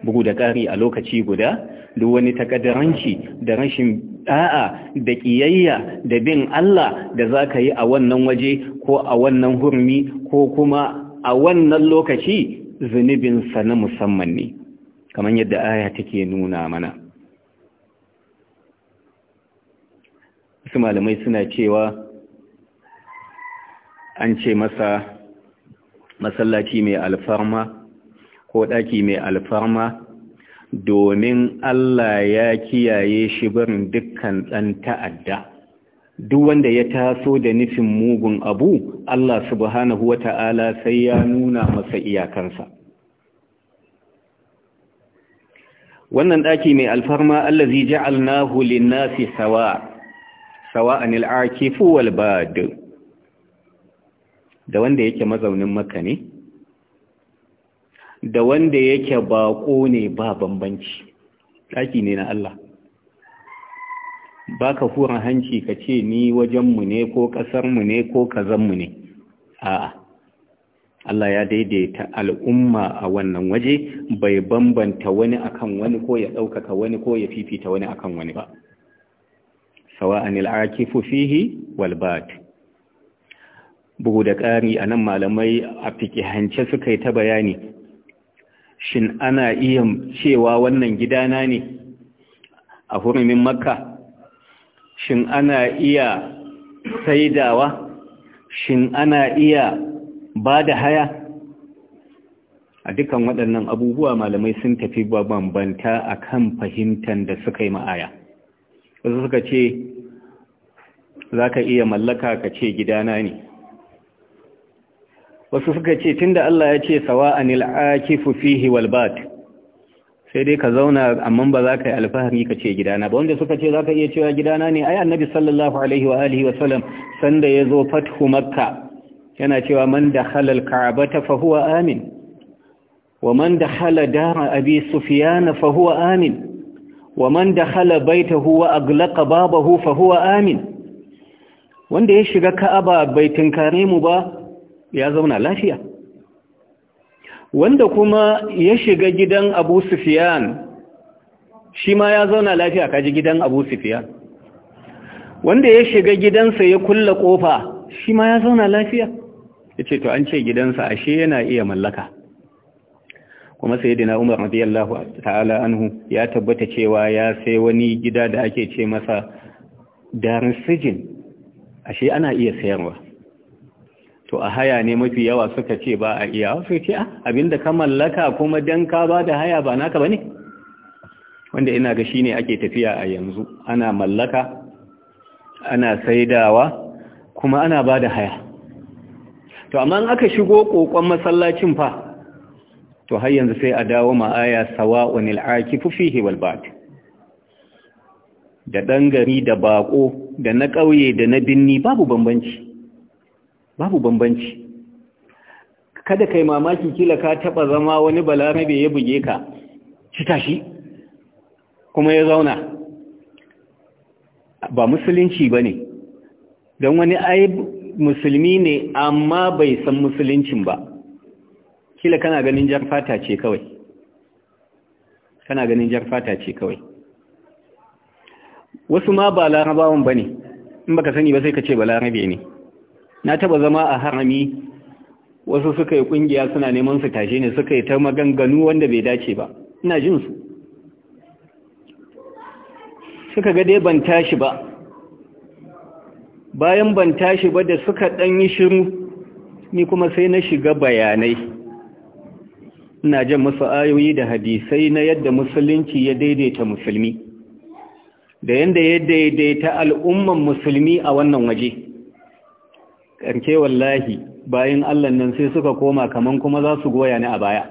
bugu da ƙari a lokaci guda duk wani takadaranci da rashin da'a da ƙiyayya da bin Allah da za ka yi a wannan waje ko a wannan hurmi ko kuma a wannan lokaci zunubinsa na musamman ne kamar yadda aya take nuna mana su malamai suna cewa an ce masa masallaci mai alfarma ko ɗaki mai alfarma domin Allah ya kiyaye shi barin dukkan ɗan ta'adda duk wanda ya taso da nufin mugun abu Allah subhanahu wa ta'ala sai ya nuna masa iyakansa wannan ɗaki mai alfarma Allah allazi ja'alnahu lin fi sawa sawa a nil’arki fuwal ba da wanda yake mazaunin maka ne da wanda yake bako ne ba bambanci ɗaki ne na Allah ba ka furan hanci ka ce ni wajenmu ne ko ƙasarmu ne ko kazanmu ne a'a Allah ya daidaita al'umma a wannan waje bai bambanta wani akan wani ko ya ɗaukaka wani ko ya fifita wani akan wani ba Sawa sawa'an akifu fihi wal bugu da ƙari a nan malamai a fikihance suka yi ta bayani shin ana iya cewa wannan gidana ne a hurumin makka shin ana iya saidawa shin ana iya ba da haya a dukkan waɗannan abubuwa malamai sun tafi bambanta a kan fahimtar da suka yi ma'aya wasu suka ce za ka iya mallaka ka ce gidana ne wasu suka ce tunda Allah ya ce sawa'anil akifu fihi wal sai dai ka zauna amma ba za ka yi alfahari ka ce gidana ba wanda suka ce za ka iya cewa gidana ne ai annabi sallallahu alaihi wa alihi wa sallam sanda ya zo fathu makka yana cewa man dakhala halal kabata fa huwa amin wa man hala dara abi Sufiyana fa huwa amin wa man dakhala baita huwa aglaqa babahu fa huwa amin wanda ya shiga ka'aba bai tinkare mu ba ya zauna lafiya wanda kuma ya shiga gidan abu sufiyan shi ma ya zauna lafiya kaji gidan abu sufiyan wanda ya shiga gidansa ya kulla kofa shi ma ya zauna lafiya ya ce to an ce gidansa ashe yana iya mallaka kuma sai dina umar radiyallahu ta'ala anhu ya tabbata cewa ya sai wani gida da ake ce masa darin sijin ashe ana iya sayarwa to a haya ne mafi yawa suka ce ba a iya wasu ce ah, abinda ka mallaka kuma dan ka ba da haya ba naka bane wanda ina ga shine ake tafiya a yanzu ana mallaka ana saidawa kuma ana ba da haya to amma in aka shigo kokon masallacin fa to har yanzu sai a dawo ma'aya sawa'un al'akifu fihi wal bat da ɗan gari da bako da na ƙauye da na binni babu bambanci babu bambanci kada kai mamaki kila ka taba zama wani balarabe ya buge ka ci tashi kuma ya zauna ba musulunci ba ne don wani ai musulmi ne amma bai san musuluncin ba kila kana ganin jar fata ce kawai kana ganin jar fata ce kawai wasu ma ba larabawan ba ne in baka sani ba sai ka ce ba larabe ne na taba zama a harami wasu suka yi kungiya suna neman su tashe ne suka yi ta maganganu wanda bai dace ba ina jin su suka ga dai ban tashi ba bayan ban tashi ba da suka dan yi shiru ni kuma sai na shiga bayanai ina jan masu ayoyi da hadisai na yadda musulunci ya daidaita musulmi da yadda ya daidaita al'umman musulmi a wannan waje karke wallahi bayan Allah nan sai suka koma kaman kuma za su goya ni a baya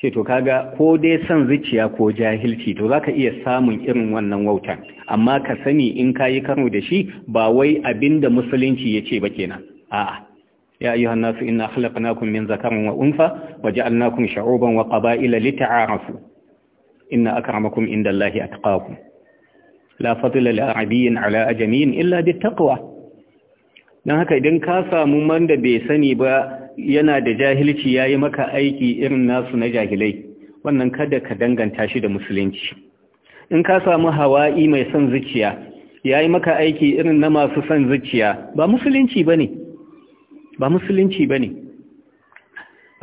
ce to kaga ko dai san zuciya ko jahilci to zaka iya samun irin wannan wautan amma ka sani in kayi karo da shi ba wai abinda musulunci yace ba kenan a'a ya ayyuhan nasu inna khalaqnakum min zakarin wa unfa waja'alnakum shu'uban wa qaba'ila lita'arafu inna akramakum indallahi atqakum la fadla li ala ajamiyin illa bittaqwa don haka idan ka samu wanda bai sani ba yana da jahilci ya yi maka aiki irin nasu na jahilai wannan kada ka danganta shi da musulunci in ka samu hawa'i mai son zuciya ya yi maka aiki irin na masu son zuciya ba musulunci ba ne ba musulunci ba ne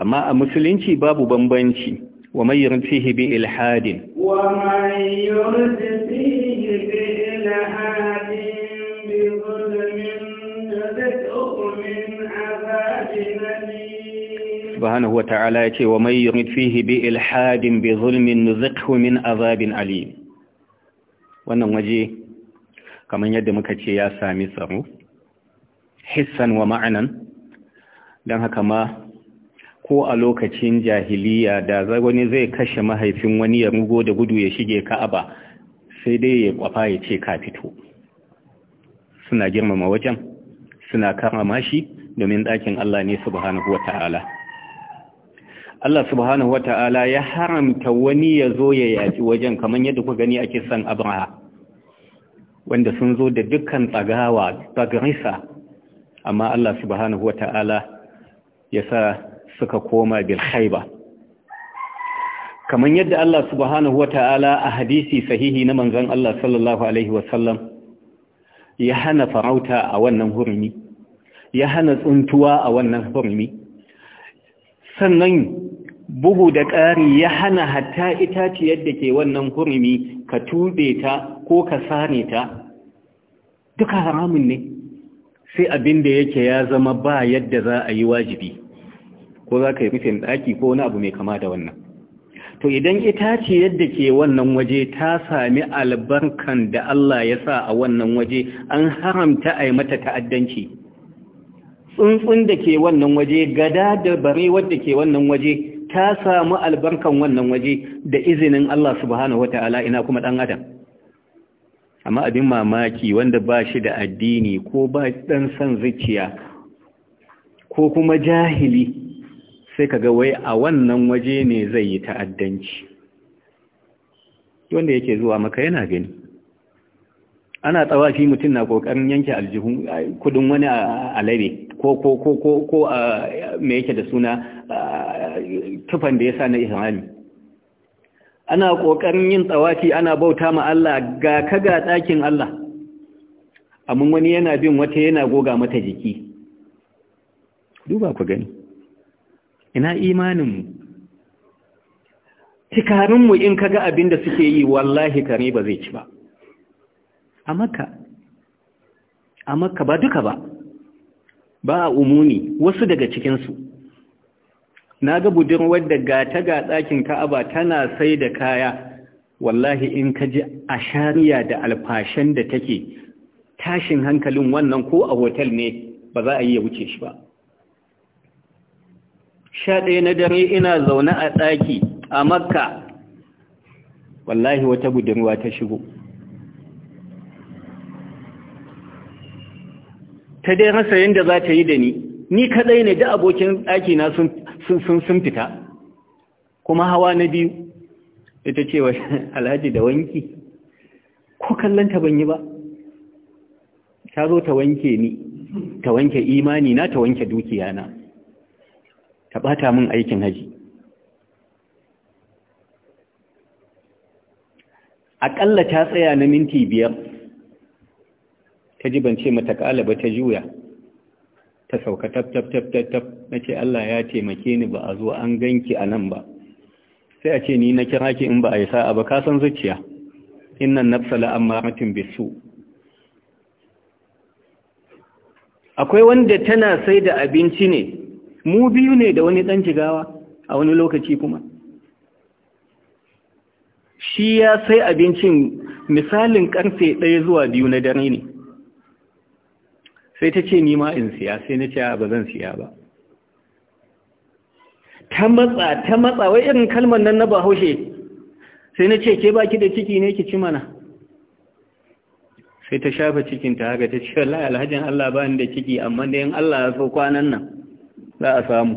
amma a musulunci babu bambanci wa mai yurfihi bi ilhadin wa mai yurfihi bi ilhadin bi subhanahu wa ta'ala ya ce wa mai yi fihi bi ilhadin bi zulmin nuzikhu min azabin Ali wannan waje kamar yadda muka ce ya sami tsaro hissan wa ma'anan don haka ma ko a lokacin jahiliya da wani zai kashe mahaifin wani ya rugo da gudu ya shige ka'aba sai dai ya kwafa ya ce ka fito suna girmama wajen suna karama shi domin ɗakin Allah ne subhanahu wa ta'ala Allah subhanahu ta'ala ya haramta wani ya zo ya yaƙi wajen kamar yadda ku gani ake san abraha wanda sun zo da dukkan tsagawa tsagarisa amma Allah subhanahu ta'ala ya sa suka koma bilhaiba Kaman kamar yadda Allah subhanahu ta'ala a hadisi sahihi na manzon Allah sallallahu alaihi wasallam ya hana farauta a wannan hurumi ya hana tsuntuwa a wannan hurumi sannan bugu da ƙari ya hana hatta itaciyar da ke wannan hurumi ka tube ta ko ka sare ta duka haramun ne sai abin da yake ya zama ba yadda za a yi wajibi ko za ka yi rufin ɗaki ko wani abu mai kama da wannan to idan itaciyar da ke wannan waje ta sami albarkan da Allah ya sa a wannan waje an haramta a yi mata ta'addanci tsuntsun da ke wannan waje gada da bare wadda ke wannan waje ta samu albarkan wannan waje da izinin Allah subhanahu wata'ala ina kuma ɗan adam amma abin mamaki wanda ba shi da addini ko ba dan san zuciya ko kuma jahili sai kaga wai a wannan waje ne zai yi ta'addanci wanda yake zuwa maka yana gani ana tsawafi mutum na kokarin yanke aljihun kudin wani a alade ko ko ko ko ko me yake da suna tufan da ya sa na ihrami ana ƙoƙarin yin tsawafi ana bauta ma Allah ga kaga ɗakin Allah amma wani yana bin wata yana goga mata jiki duba ku gani ina imaninmu mu in kaga abin da suke yi wallahi kare ba zai ci ba a maka a maka ba duka ba ba a umuni wasu daga cikinsu na ga budurwar da gata ga ɗakin ka'aba tana sai da kaya wallahi in ka ji a shariya da alfashen da take tashin hankalin wannan ko a hotel ne ba za a yi ya wuce shi ba sha ɗaya na dare ina zaune a ɗaki a makka wallahi wata budurwa ta shigo ta dai rasa yadda za ta yi da ni ni kaɗai ne da abokin ɗakina sun sun sun sun fita kuma hawa na biyu ita ce wa alhaji da wanki ko kallon ban yi ba ta zo ta wanke ni ta wanke imani na ta wanke dukiya na ta bata min aikin haji Akalla ta tsaya na minti biyar ta ji ban ce mata ƙalaba ta juya ta sauka tab na ce Allah ya taimake ni ba a zo an ganki a nan ba sai a ce ni na kira ki in ba a yi sa'a ba ka san zuciya bisu akwai wanda tana sai da abinci ne mu biyu ne da wani ɗan jigawa a wani lokaci kuma shi ya sai abincin misalin karfe ɗaya zuwa biyu na dare ne sai ta ce nima in siya sai na ce ba zan siya ba ta matsa ta matsa wai irin kalmar nan na bahaushe sai na ce ke baki da ciki ne ki ci mana sai ta shafa cikinta haka ta ce Allah alhajin Allah ba ni da ciki amma da yin Allah ya so kwanan nan za a samu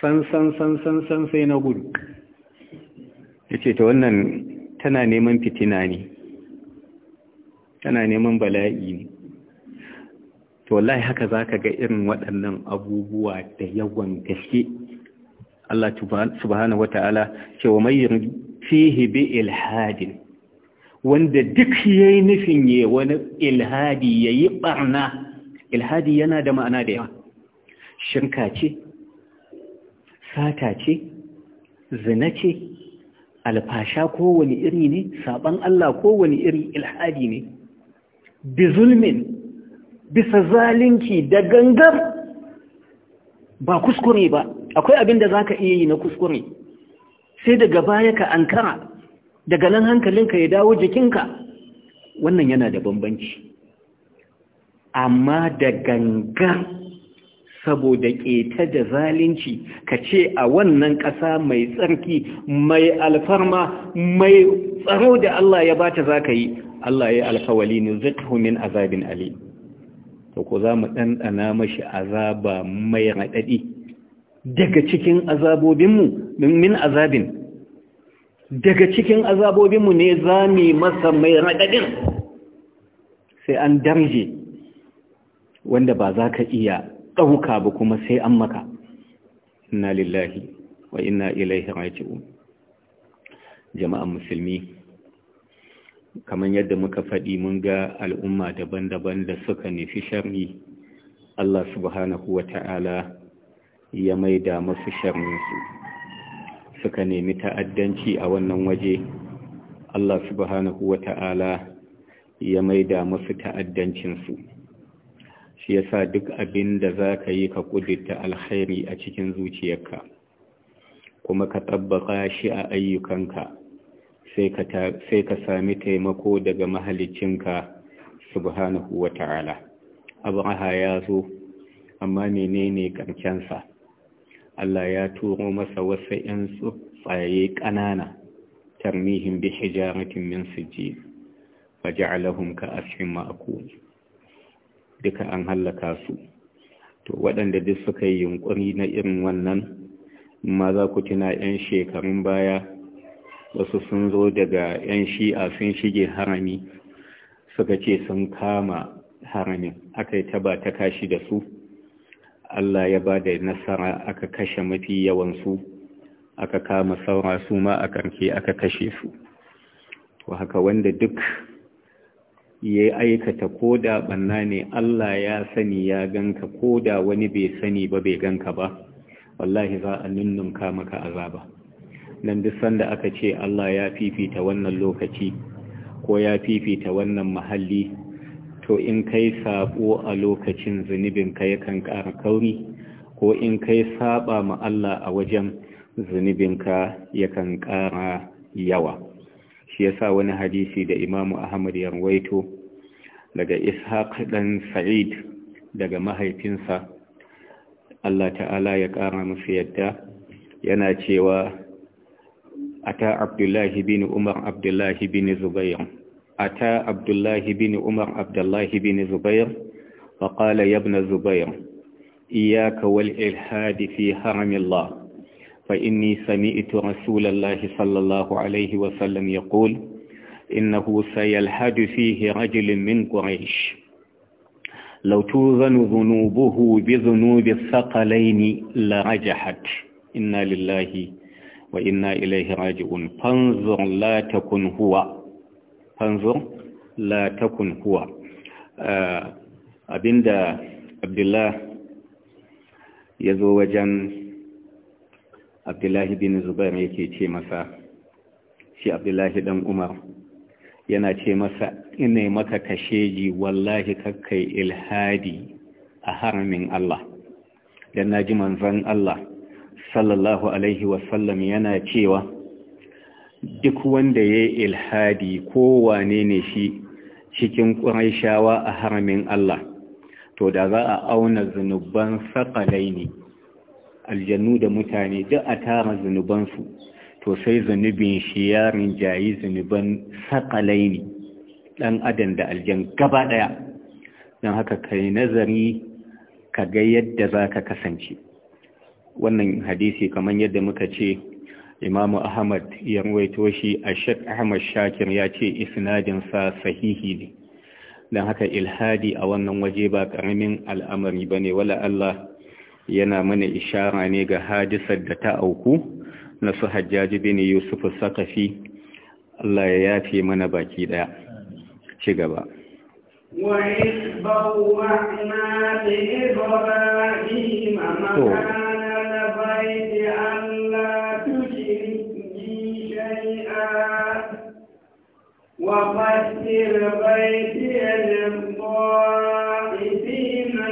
san san san san san sai na gudu Yace ta wannan tana neman fitina ne tana neman bala'i ne to wallahi haka zaka ga irin waɗannan abubuwa da yawan gaske Allah subhanahu wata'ala ce wa mai fihi bi ilhadin wanda duk yayi nufin ye wani ilhadi yayi barna ilhadi yana da ma'ana da yawa shirka ce sata ce zina ce alfasha kowane iri ne saban Allah kowane iri ilhadi ne bi zulmin bisa zalunci da gangar ba kuskure ba akwai abin da za ka iya yi na kuskure sai daga baya ka ankara daga nan hankalinka ya dawo jikinka wannan yana da bambanci amma da gangar saboda ƙeta da zalunci ka ce a wannan ƙasa mai tsarki mai alfarma mai tsaro da Allah ya bata za ka yi Allah ya alfawali ne zai min azabin alim to ko za mu ɗanɗana mashi azaba mai raɗaɗi daga cikin azabobinmu min azabin daga cikin azabobinmu ne za mu masa mai raɗaɗin sai an darje wanda ba za ka iya ɗauka ba kuma sai an maka inna lillahi wa inna ilaihi raji'un jama'an musulmi kamar yadda muka faɗi mun ga al'umma daban-daban da suka nufi sharni, Allah subhanahu wa ta'ala ya maida masu sharninsu, suka nemi ta'addanci a wannan waje Allah subhanahu wa ta'ala ya maida masu ta'addancinsu shi sa duk abin da za ka yi ka ƙudurta alkhairi a cikin zuciyarka kuma ka tabbaka shi a ayyukanka sai ka sami taimako daga mahalicinka subhanahu wa ta'ala abraha ya zo amma menene karkensa Allah ya turo masa wasu 'yan tsaye ƙanana tarmihin bi hijaratin min sijji faja'alahum ka asfin mako. duka an hallaka su to waɗanda duk suka yi yunƙuri na irin wannan ma za ku tuna 'yan shekarun baya wasu sun zo daga 'yan shi'a sun shige harami suka ce sun kama haramin aka yi taba ta kashi da su Allah ya ba da nasara aka kashe mafi yawansu aka kama saura su ma a karke aka kashe su to haka wanda duk ya aikata ko da banna ne Allah ya sani ya ganka ko da wani bai sani ba bai ganka ba wallahi za a nunnunka maka azaba don duk sanda aka ce Allah ya fifita wannan lokaci ko ya fifita wannan mahalli to in kai sabo a lokacin zunubinka yakan ƙara kauri ko in kai saba ma Allah a wajen zunubin ka yakan ƙara yawa shi yasa wani hadisi da Imam ahmad ya rawaito daga ishaq dan sa'id daga mahaifinsa Allah ta'ala ya ƙara musu yadda yana cewa أتى عبد الله بن عمر عبد الله بن زبير أتى عبد الله بن عمر عبد الله بن زبير فقال يا ابن زبير إياك والإلحاد في حرم الله فإني سمعت رسول الله صلى الله عليه وسلم يقول إنه سيلحد فيه رجل من قريش لو توزن ذنوبه بذنوب الثقلين لرجحت إنا لله wa inna ilaihi raji'un fanzur la takun huwa fanzur la takun huwa uh, abinda abdullah ya wajen abdullahi bin zubair yake ce masa shi abdullahi dan umar yana ce masa ina maka kasheji wallahi kakkai ilhadi a haramin Allah dan naji manzon Allah sallallahu alaihi wasallam yana cewa duk wanda ya yi ilhadi kowane ne shi cikin ƙuraishawa a haramin Allah to da za a auna zunuban saƙalai ne aljannu da mutane duk a tara zunubansu to sai zunubin shi ya rinjayi zunuban saƙalai ne ɗan adam da aljan gaba ɗaya don haka kai nazari ka ga yadda za ka kasance wannan hadisi kamar yadda muka ce imamu ahmad ya ruwaito shi a shek ahmad shakir ya ce isnadinsa sahihi ne don haka ilhadi a wannan waje ba karamin al'amari ba ne wala Allah yana mana ishara ne ga hadisar da ta auku na su hajjaji bin yusuf sakafi Allah ya yafe mana baki daya ci gaba وَإِذْ بَوَّأْنَا لِإِبْرَاهِيمَ مَكَانَ وطهر بيتي للطائفين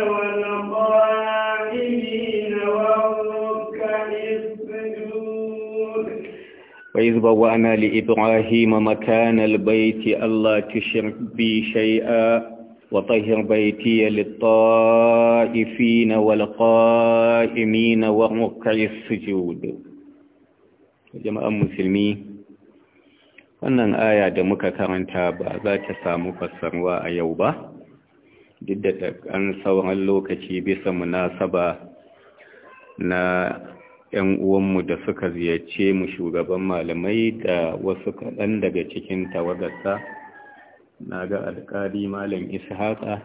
والقائمين والركع السجود وإذ بوأنا لإبراهيم مكان البيت ألا تشرك بي شيئا وطهر بيتي للطائفين والقائمين وركع السجود جماعة مسلمين wannan aya da muka karanta ba za ta samu fassarwa a yau ba duk da an sauran lokaci bisa munasaba na 'yan uwanmu da suka ziyarce mu shugaban malamai da wasu kaɗan daga cikin tawagarsa na ga alƙali malam ishaƙa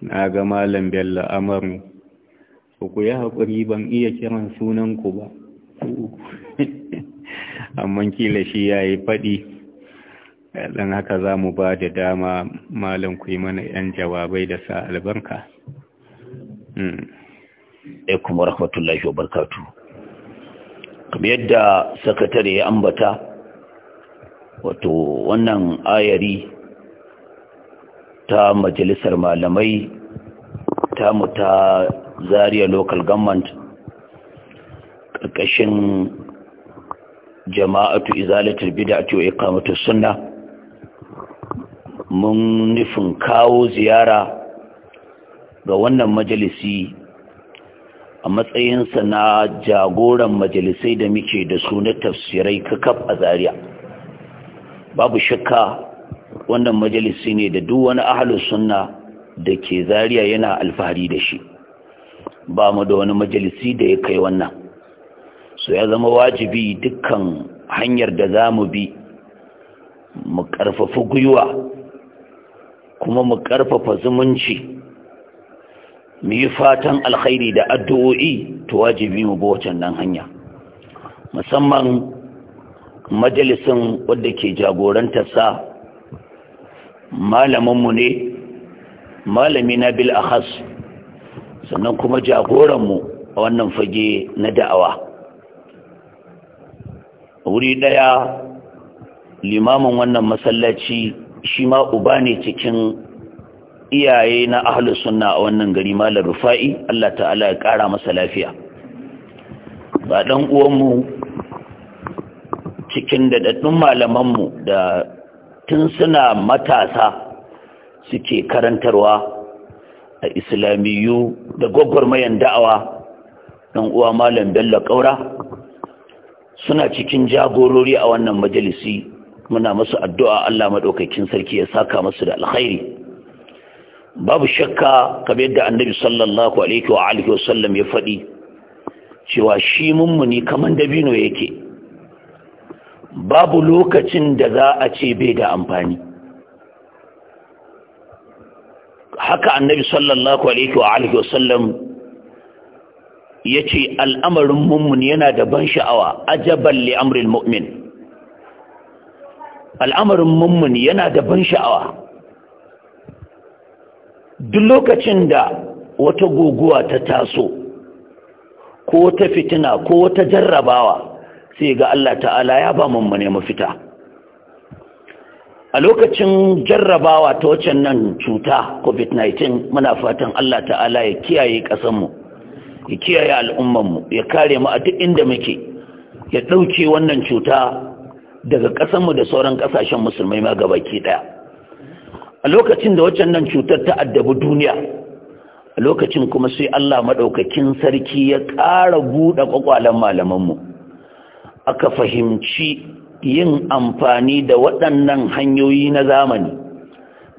na ga malam bello amaru ku ya haƙuri ban iya kiran sunanku ba amma kila shi ya yi faɗi don haka za mu ba da dama malam ku yi mana 'yan jawabai da sa albarka hmm. alaikum warahmatullahi wabarakatuh kamar yadda sakatare ya ambata wato wannan ayari ta majalisar malamai ta mu ta Zaria local government ƙarƙashin jama'atu izalatul bid'ati wa iqamatus sunna mun nufin kawo ziyara ga wannan majalisi a matsayinsa na jagoran majalisai da muke da su na tafsirai kakaf a Zariya. babu shakka wannan majalisi ne da duk wani ahalus sunna da ke Zariya yana alfahari da shi ba mu da wani majalisi da ya kai wannan Su ya zama wajibi dukkan hanyar da za mu bi mu ƙarfafa gwiwa kuma mu ƙarfafa zumunci mu yi fatan alkhairi da addu'o'i to wajibi mu bi wacan nan hanya musamman majalisin wadda ke jagorantarsa malaminmu ne malami na bil ahas sannan kuma jagoranmu a wannan fage na da'awa wuri daya limamin wannan masallaci shi ma uba ne cikin iyaye na ahlus sunna a wannan gari malar rufa'i Allah ta'ala ya kara masa lafiya ba dan uwanmu cikin dadaddun malamanmu da tun suna matasa suke karantarwa a islamiyu da gwagwarmayan da'awa dan uwa malam bello kaura suna cikin jagorori a wannan majalisi muna masu addu'a Allah maɗaukakin sarki ya saka masu da alkhairi babu shakka kamar yadda annabi sallallahu alaihi wa alihi wa sallam ya faɗi cewa shi mummuni kaman dabino yake babu lokacin da za a ce bai da amfani haka annabi sallallahu alaihi wa alihi wa sallam ya ce al'amarin mummun yana da ban sha'awa ajabar li'amrin mu'min al'amarin mummun yana da ban sha'awa duk lokacin da wata guguwa ta taso ko wata fitina ko wata jarrabawa sai ga Allah ta'ala ya ba ya mafita a lokacin jarrabawa ta waccan nan cuta covid-19 muna fatan Allah ta'ala ya kiyaye ƙasanmu ya kiyaye al'ummanmu ya kare mu a duk inda muke ya ɗauke wannan cuta daga ƙasanmu da sauran ƙasashen musulmai ma ke ɗaya a lokacin da waccan nan cutar ta addabi duniya a lokacin kuma sai Allah maɗaukakin sarki ya ƙara buɗe ƙwaƙwalen malamanmu aka fahimci yin amfani da waɗannan hanyoyi na zamani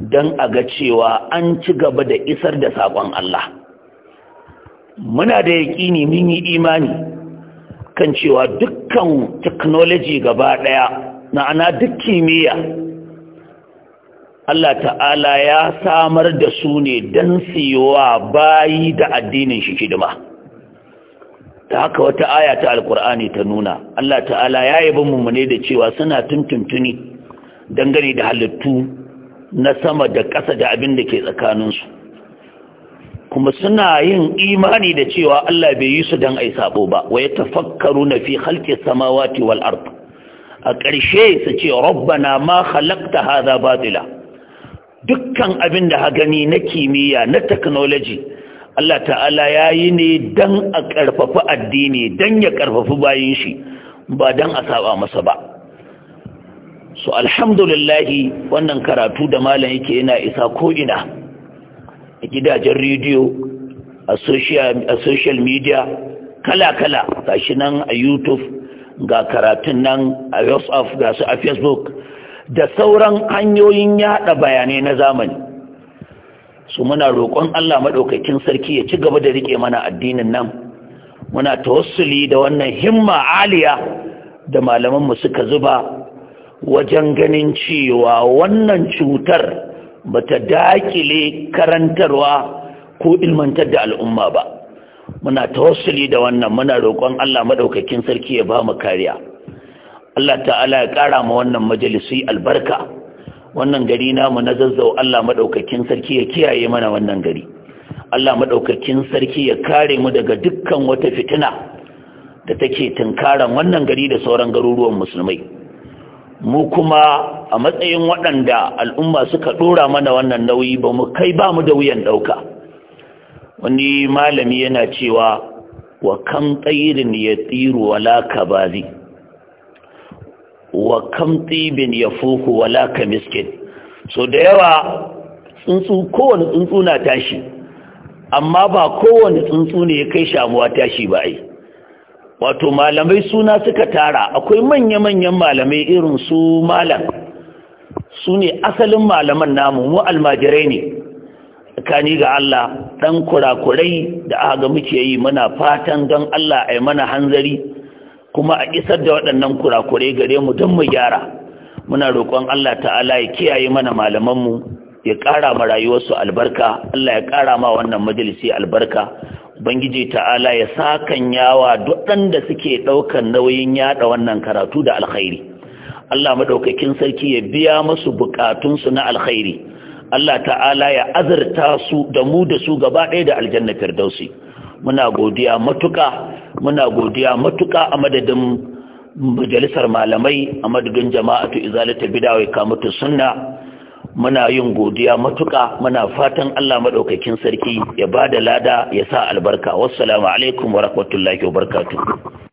don a ga cewa an ci gaba da isar da saƙon Allah. muna da yaƙini mun yi imani kan cewa dukkan technology gaba ɗaya na ana duk kimiyya Allah ta'ala ya samar da su ne don siyowa bayi da addinin shi hidima ta haka wata aya ta alkur'ani ta nuna Allah ta'ala ya yi mummune da cewa suna tuntuntuni dangane da halittu na sama da ƙasa da abin da ke tsakaninsu kuma suna yin imani da cewa Allah bai yi su don yi sabo ba wa ya tafakkaru na fi halki samawati wal ard a ƙarshe su ce rabbana ma halakta hadha batila dukkan abin da ha gani na kimiyya na technology Allah ta'ala ya yi ne don a ƙarfafi addini don ya ƙarfafi bayan shi ba don a saba masa ba so alhamdulillahi wannan karatu da malam yake yana isa ko'ina a gidajen rediyo a social media kala-kala ga shi nan a youtube ga karatun nan a whatsapp ga su a facebook da sauran hanyoyin yada bayanai na zamani su muna roƙon Allah maɗaukakin sarki ya ci gaba da riƙe mana addinin nan muna tawassuli da wannan himma aliya da malamanmu suka zuba wajen ganin cewa wannan cutar ba ta dakile karantarwa ko ilmantar da al'umma ba muna ta da wannan muna roƙon Allah maɗaukakin sarki ya ba mu kariya Allah ta'ala ya ƙara ma wannan majalisi albarka wannan gari namu na zazzau Allah maɗaukakin sarki ya kiyaye mana wannan gari Allah maɗaukakin sarki ya kare mu daga dukkan wata fitina da take tunkaran wannan gari da sauran garuruwan musulmai mu kuma a matsayin waɗanda al'umma suka ɗora mana wannan nauyi ba mu kai ba mu da wuyan ɗauka wani malami yana cewa wa kan tsayirin ya tsiru wala zai wa kan tsibin ya fuku wala miskin. so da yawa tsuntsu kowane tsuntsu na tashi amma ba kowane tsuntsu ne ya kai shamuwa tashi ba yi. wato malamai suna suka tara akwai manya-manyan malamai irin su malam su ne asalin malaman namu mu almajirai ne kani ga Allah ɗan kurakurai da aka ga muke yi muna fatan don Allah a mana hanzari kuma a isar da waɗannan kurakurai gare mu don mu gyara muna roƙon Allah ta'ala ya kiyaye mana malamanmu ya ƙara ma rayuwarsu albarka Allah ya ƙara ma wannan majalisi albarka Bangiji ta'ala ya sakan yawa da suke ɗaukar nauyin yaɗa wannan karatu da alkhairi. Allah maɗaukakin sarki ya biya masu buƙatunsu na alkhairi. Allah ta'ala ya azurta su da mu da su gaba ɗaya da aljanna firdausi. Muna godiya matuka, muna godiya matuka a madadin majalisar malamai a madadin jama'atu izalata bidawai kamatu sunna. muna yin godiya matuƙa muna fatan Allah maɗaukakin sarki ya ba da lada ya sa albarka wassalamu alaikum wa rahmatullahi wa barakatuh